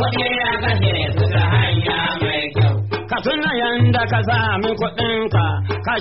Kuɗi kashe su yanda ka sami kuɗinka, ka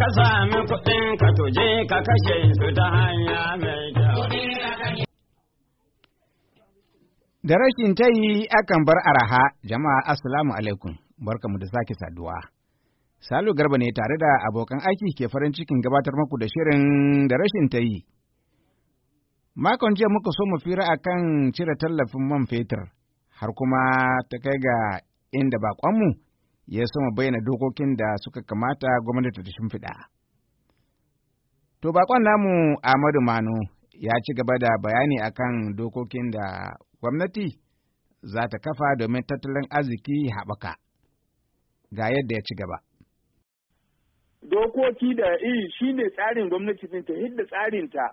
ka sami kuɗinka, to ka kashe su ta hanya mai kyau. Da rashin ta yi akan bar araha, jama'a assalamu alaikum, barkamu da sake saduwa. Salu Garba ne tare da abokan aiki ke farin cikin gabatar maku da shirin da rashin ta yi. Makon jiya muka so mu fira akan cire tallafin man fetur, har kuma ta kai ga inda bakonmu ya sama bayyana dokokin da suka kamata gwamnati ta shimfiɗa. To baƙon namu Ahmadu Manu ya ci gaba da bayani akan dokokin da gwamnati za ta kafa domin tattalin arziki haɓaka. Ga yadda ya ci gaba. Dokoki da iri shi ne tsarin gwamnati ta hidda tsarinta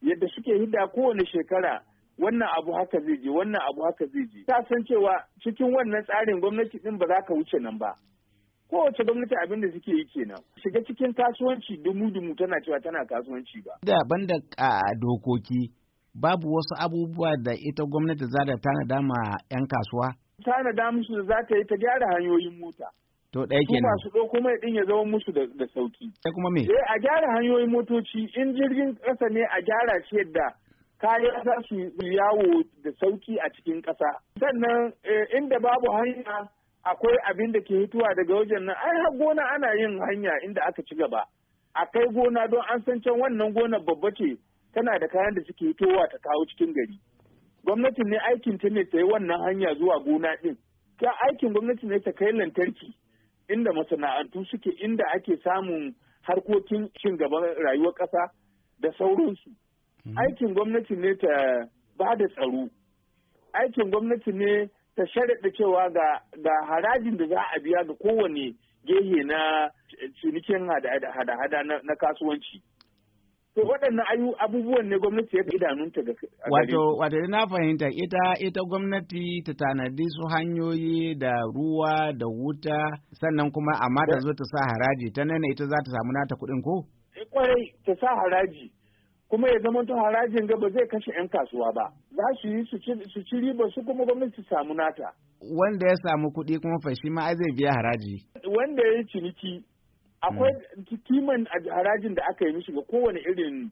yadda suke hidda kowane shekara wannan abu haka zai je wannan abu haka zai je ta san cewa cikin wannan tsarin gwamnati din ba za ka wuce nan ba kowace gwamnati abin da suke yi kenan shiga cikin kasuwanci dumu dumu tana cewa tana kasuwanci ba da banda a dokoki babu wasu abubuwa da ita gwamnati za ta tana dama yan kasuwa da musu da za ta yi ta gyara hanyoyin mota To ɗaya kenan. Masu kuma ya ɗin ya zama musu da sauki. Sai kuma me? Eh a gyara hanyoyin motoci in jirgin ƙasa ne a gyara shi yadda kayan za su yi yawo da sauki a cikin ƙasa sannan eh, inda babu hanya akwai abin da ke hituwa daga wajen nan ai har gona ana yin hanya inda aka ci gaba a kai gona don an san can wannan gona babba ce tana da kayan da suke hitowa ta kawo cikin gari gwamnatin ne aikin ta ne ta yi wannan hanya zuwa gona ɗin, ta aikin gwamnati ne ta kai lantarki inda masana'antu suke inda ake samun harkokin cin gaban rayuwar ƙasa da sauransu Mhm. Aikin gwamnati ne ta ba da tsaro. Aikin gwamnati ne ta sharaɗa cewa ga harajin da za a biya ga kowane gehe na cinikin hada-hada na kasuwanci. To waɗannan abubuwan ne gwamnati ya idanunta ga Wato, wato na fahimta ita ita gwamnati ta tanadi su hanyoyi da ruwa da wuta sannan kuma amma ta zo ta sa haraji ta nana ita za ta samu nata kuɗin ko? Eh, kwarai ta sa haraji kuma ya zama tun harajin gaba zai kashe 'yan kasuwa ba za su yi su ci riba su kuma gwamnati samu nata wanda ya samu kuɗi kuma fashi ma zai biya haraji wanda ya yi ciniki akwai kiman harajin da aka yi mishi ga kowane irin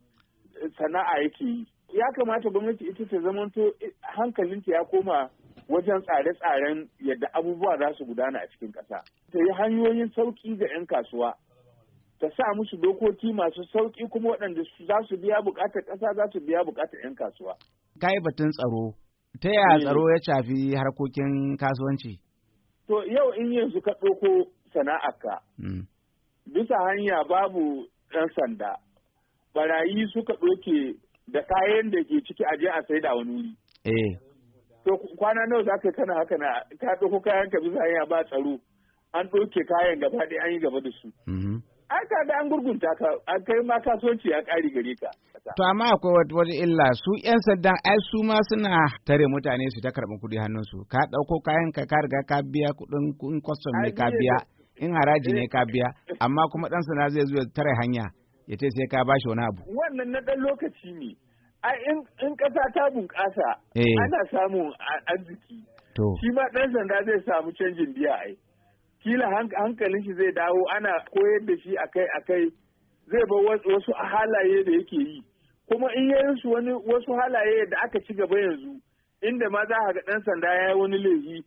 eh, sana'a yake yi ya kamata gwamnati ita ta zamanto eh, hankalinta ya koma wajen tsare-tsaren yadda abubuwa za su gudana a cikin ƙasa ta yi hanyoyin sauƙi ga 'yan kasuwa ta sa musu dokoki masu sauƙi kuma waɗanda za su biya buƙatar ƙasa za su biya buƙatar 'yan kasuwa. Kai batun tsaro, ta yaya eh. tsaro ya shafi harkokin kasuwanci? To yau in yanzu ka ɗauko sana'arka, hmm. bisa hanya babu ɗan sanda, barayi suka ɗauke da kayan da ke ciki aje a sai da wani wuri. Eh. To kwana nawa za ka kana haka na ka ɗauko kayan ka bisa hanya ba tsaro, an ɗauke kayan gaba ɗaya an yi gaba da su. Hmm. ai ka da an gurgunta ka an kai ma kasuwanci a ƙari gare ka. To amma akwai wata wata illa su 'yan sandan ai su ma suna tare mutane su ta karɓi kuɗi hannunsu ka ɗauko kayan ka ka riga ka biya kuɗin kwastom ne ka biya in haraji ne ka eh. biya amma kuma ɗan sana zai zo tare hanya ya ce sai ka bashi wani abu. Wannan na ɗan lokaci ne. Ai in ƙasa ta bunƙasa eh. ana samun arziki. To. Shi ma ɗan sanda zai samu canjin biya ai. kila hankalin shi zai dawo ana koyar da shi akai akai zai bar wasu halaye da yake yi kuma in ya su wani wasu halaye da aka ci gaba yanzu inda ma za ka ga ɗan sanda ya yi wani laifi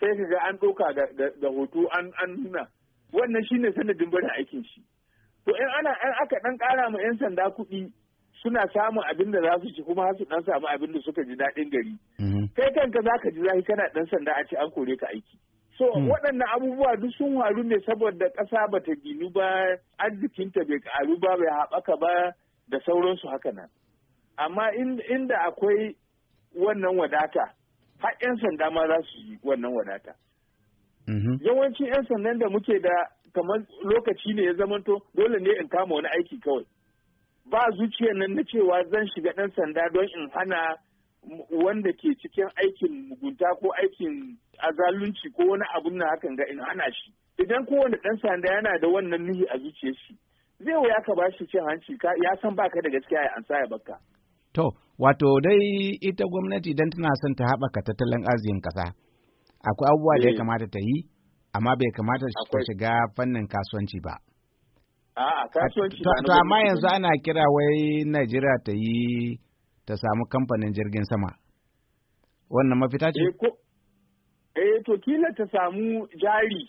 sai ka ga an ɗauka ga hoto an nuna wannan shine sanadin barin aikin shi to in ana an aka ɗan ƙara ma 'yan sanda kuɗi suna samun abin da za su ci kuma su ɗan samu abin da suka ji daɗin gari mm-hmm. kai kanka za ka ji zafi kana ɗan sanda a ce an kore ka aiki So mm. waɗannan abubuwa duk sun waru ne saboda ƙasa ba ta ginu ba, ta bai ƙaru ba, bai haɓaka ba da sauransu haka nan. Amma inda akwai wannan wadata, har 'yan sanda ma za su yi wannan wadata. Mm-hmm. Yawancin 'yan sandan da muke da kamar lokaci ne ya zamanto dole ne in kama wani aiki kawai. Ba zuciyar nan na cewa zan shiga ɗan sanda don in hana wanda ke cikin aikin mugunta ko aikin azalunci ko wani abun na hakan ga in hana shi idan kowane ɗan sanda yana da wannan nihi a zuciya shi zai wuya ka bashi cin hanci ya san baka da gaskiya ya ansa ya baka to wato dai ita gwamnati idan tana son ta haɓaka tattalin arzikin ƙasa akwai abubuwa da ya eh. kamata ta yi amma bai kamata ta shiga fannin kasuwanci ba a'a kasuwanci to amma yanzu ana kira wai Najeriya ta yi ta samu kamfanin jirgin sama. Wannan mafita ce? Eh, eh, to kila ta samu jari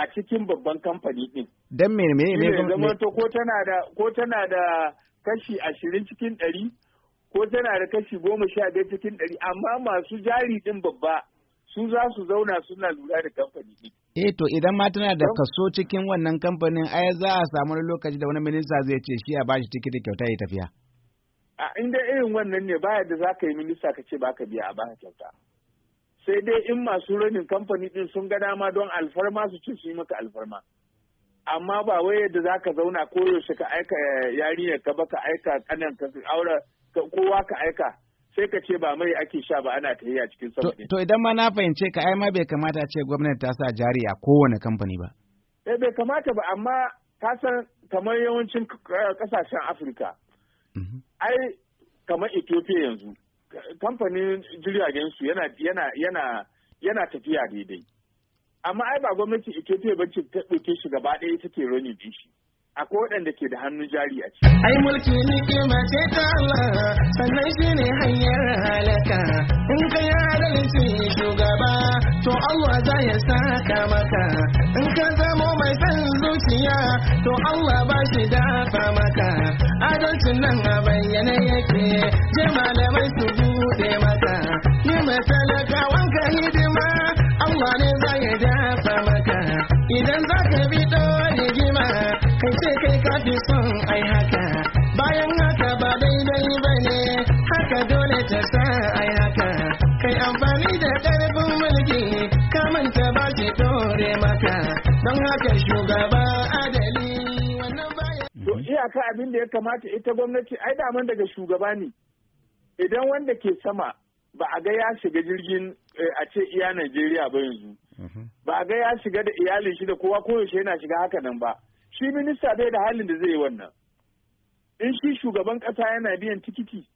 a cikin babban kamfani ɗin. Don me me me zama ko tana da ko tana da kashi ashirin cikin ɗari ko tana da kashi goma sha biyar cikin ɗari amma masu jari ɗin babba su za su zauna suna lura da kamfani ɗin. Eh to idan ma tana da kaso cikin wannan kamfanin ai za a samu lokaci da wani minista zai ce shi a bashi tikiti kyauta ya tafiya. a inda irin wannan ne baya da za ka yi minista ka ce ba ka biya a baka kyauta sai dai in masu ranin kamfani din sun ga dama don alfarma su ci su yi maka alfarma amma ba wai yadda za ka zauna koyaushe ka aika eh, yarinyar ka ba ka aika kanan ka aura kowa ka aika sai ka ce ba mai ake sha ba ana a cikin sama to idan ma na fahimce ka ai ma bai kamata ce gwamnati ta sa jari a kowane kamfani ba eh bai kamata ba amma ka san kamar yawancin kasashen eh, Afirka Mm-hmm. ai kamar ethiopia yanzu kamfanin jiragen su yana yana yana yana tafiya daidai amma ai ba gwamnatin ethiopia ba ce ta ɗauke shi gaba ɗaya take roni din shi akwai waɗanda ke da hannun jari a ciki. ai mulki ni ce ta Allah sannan shi ne hanyar halaka in ka yi adalci shugaba to Allah za ya saka ma sunan a bayyana yake je malamai su bude maka yi matalakawan ka hidima Allah ne za ya dafa maka idan za ka bi ɗori gima kai ce kai ka fi son ai haka ka abin da ya kamata ita gwamnati ai daman daga shugaba ne idan wanda ke sama ba a ga ya shiga jirgin eh, a ce iya Najeriya ba yanzu mhm. ba a ga ya shiga da iyalin shi da kowa ko yaushe yana shiga haka nan ba shi minista bai da halin da zai yi wannan in shi shugaban kasa yana biyan tikiti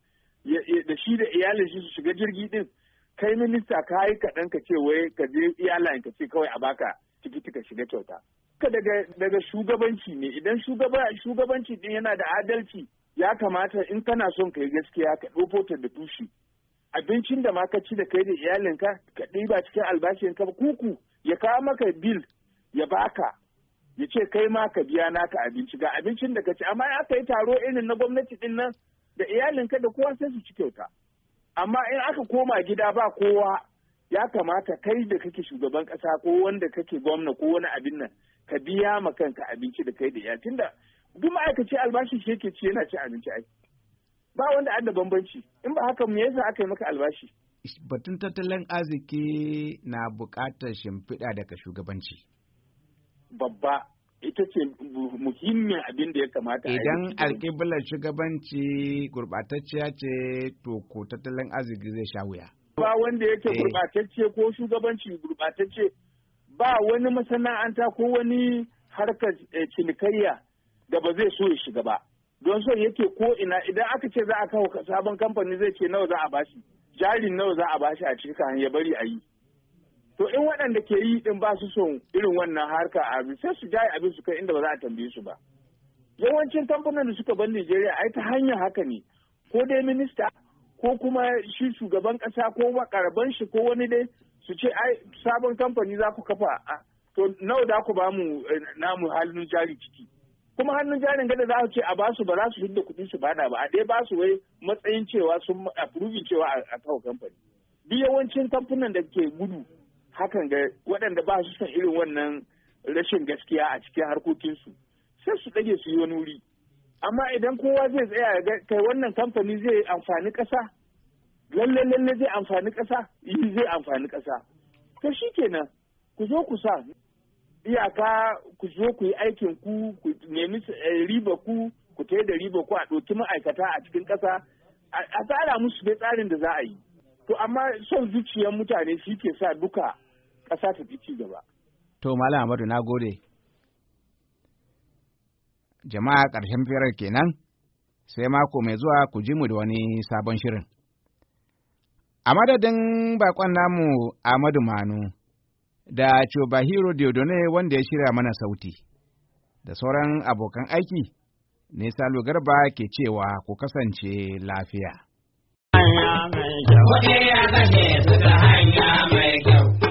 da shi da iyalin shi su shiga jirgi din kai minista ka yi kaɗan ka ce wai ka je iyalin ka ce kawai a baka tikiti ka shiga kyauta duka daga shugabanci ne idan shugabanci din yana da adalci ya kamata in kana son kai gaskiya ka ɗofo ta da tushe abincin da ma ka ci da kai da iyalinka ka ɗiba cikin albashin ka kuku ya kawo maka bil ya baka ya ce kai ma ka biya naka abinci ga abincin da ka ci amma ya yi taro irin na gwamnati din nan da iyalinka da kowa sai su ci kyauta amma in aka koma gida ba kowa ya kamata kai da kake shugaban ƙasa ko wanda kake gwamna ko wani abin nan ka biya ma kanka abinci da kai da 'ya, tunda duk ma'aikaci albashi shi yake ci yana cin abinci ai ba wanda an da bambanci in ba haka mu yasa aka yi maka albashi batun tattalin arziki na buƙatar shimfiɗa daga shugabanci babba ita ce muhimmin abin da ya kamata idan alƙiblar shugabanci gurɓatacciya ce to ko tattalin arziki zai sha wuya ba wanda yake eh. gurɓatacce ko shugabanci gurɓatacce ba wani masana'anta ko wani harkar eh, cinikayya da ba zai so ya shiga ba don so yake ko ina idan aka ce za a kawo sabon kamfani zai ce nawa za a bashi jarin nawa za a bashi a cikin ya bari a yi to in waɗanda ke yi din ba su son irin wannan harka abin sai su jaye abin su kai inda ba za a tambaye su ba yawancin kamfanin da suka bar Nijeriya ai ta hanyar haka ne ko dai minista ko kuma shi shugaban ƙasa ko ba shi ko wani dai su ce ai sabon kamfani za ku kafa to nawa da ku ba mu eh, namu hannun jari ciki kuma hannun jarin gada za su ce a basu ba za su hidda kuɗi su bada ba a dai ba su wai matsayin cewa sun approving cewa a kawo kamfani duk yawancin kamfanin da ke gudu hakan ga waɗanda ba su san irin wannan rashin gaskiya a cikin harkokinsu sai su dage su yi wani wuri amma idan kowa zai tsaya kai wannan kamfani zai amfani ƙasa lalle lalle zai amfani ƙasa yi zai amfani ƙasa ta shi kenan ku zo ku sa iyaka ku zo ku yi aikin ku ku nemi eh, riba ku ku ta da riba ku a ɗauki ma'aikata a cikin ƙasa a tsara musu dai tsarin da za a yi to amma son zuciyar mutane shi ke sa duka ƙasa ta fi ci gaba. to malam amadu na gode jama'a ƙarshen firar kenan sai mako mai zuwa ku ji mu da wani sabon shirin. A madadin bakon namu Ahmadu Manu da Chobahiro Diodone wanda ya shirya mana sauti, da sauran abokan aiki, ne Salo Garba ke cewa ku kasance lafiya.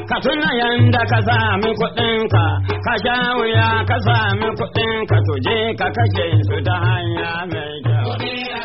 Ka tuna yanda ka sami kuɗinka, ka sha wuya ka sami kuɗinka, to je ka kashe su ta hanya mai kyau.